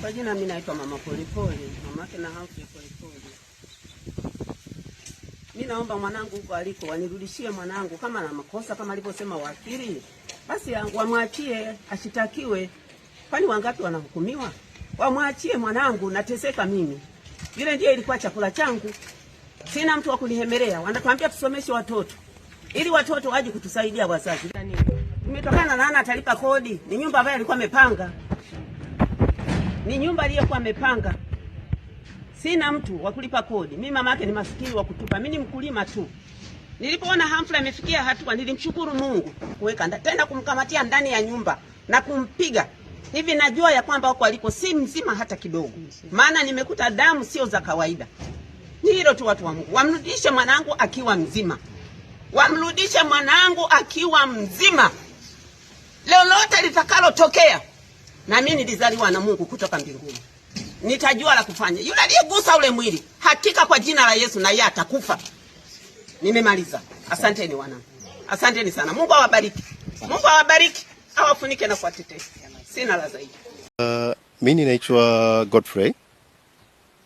Kwa jina mimi naitwa Mama Polepole, yake na hauki ya Polepole. Mimi naomba mwanangu huko aliko wanirudishie mwanangu, kama na makosa kama alivyosema wakili, basi amwachie ashitakiwe, kwani wangapi wanahukumiwa? Wamwachie mwanangu, nateseka mimi, yule ndiye ilikuwa chakula changu, sina mtu wa kunihemelea. Wanatuambia tusomeshe watoto ili watoto waje kutusaidia wazazi. Yaani Imetokana na ana atalipa kodi, ni nyumba ambayo alikuwa amepanga ni nyumba aliyokuwa amepanga. Sina mtu wa kulipa kodi, mimi mama yake ni maskini wa kutupa, mimi ni mkulima tu. Nilipoona Humphrey amefikia hatua, nilimshukuru Mungu kuweka tena kumkamatia ndani ya nyumba na kumpiga hivi. Najua ya kwamba huko aliko si mzima hata kidogo, maana nimekuta damu sio za kawaida. Ni hilo tu, watu wa Mungu, wamrudishe mwanangu akiwa mzima, wamrudishe mwanangu akiwa mzima. Lolote litakalotokea na mimi nilizaliwa na Mungu kutoka mbinguni, nitajua la kufanya. Yule aliyegusa ule mwili, hakika kwa jina la Yesu na yeye atakufa. Nimemaliza. Asanteni wanangu, asanteni sana. Mungu awabariki, Mungu awabariki, awafunike na kuwatetea. Sina la zaidi. Uh, mimi ninaitwa Godfrey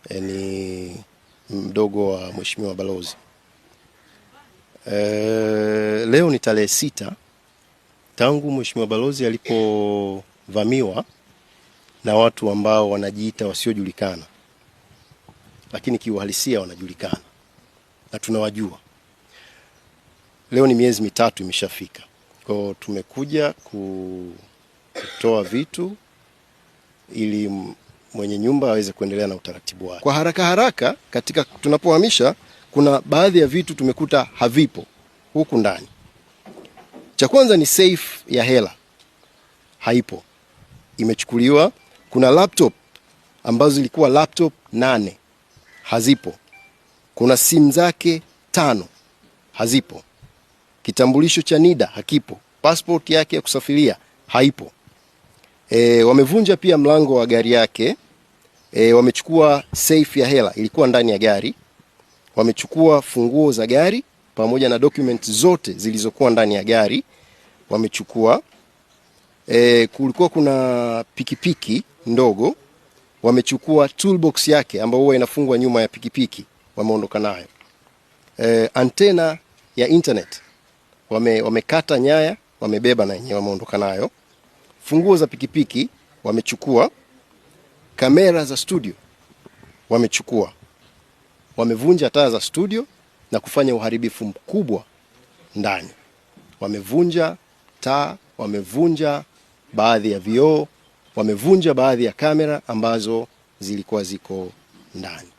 e, ni mdogo wa mheshimiwa balozi. Uh, leo ni tarehe sita tangu mheshimiwa balozi alipo vamiwa na watu ambao wanajiita wasiojulikana, lakini kiuhalisia wanajulikana na tunawajua. Leo ni miezi mitatu imeshafika kwao, tumekuja kutoa vitu ili mwenye nyumba aweze kuendelea na utaratibu wake kwa haraka haraka. Katika tunapohamisha, kuna baadhi ya vitu tumekuta havipo huku ndani. Cha kwanza ni safe ya hela, haipo imechukuliwa. Kuna laptop ambazo zilikuwa laptop nane hazipo. Kuna simu zake tano hazipo. Kitambulisho cha NIDA hakipo. Passport yake ya kusafiria haipo. E, wamevunja pia mlango wa gari yake. E, wamechukua safe ya hela ilikuwa ndani ya gari. Wamechukua funguo za gari pamoja na document zote zilizokuwa ndani ya gari wamechukua e, kulikuwa kuna pikipiki ndogo wamechukua toolbox yake ambayo huwa inafungwa nyuma ya pikipiki, wameondoka nayo. E, antena ya internet wame, wamekata nyaya wamebeba na yenyewe wameondoka nayo. Funguo za pikipiki wamechukua, kamera za studio wamechukua, wamevunja taa za studio na kufanya uharibifu mkubwa ndani. Wamevunja taa, wamevunja baadhi ya vioo, wamevunja baadhi ya kamera ambazo zilikuwa ziko ndani.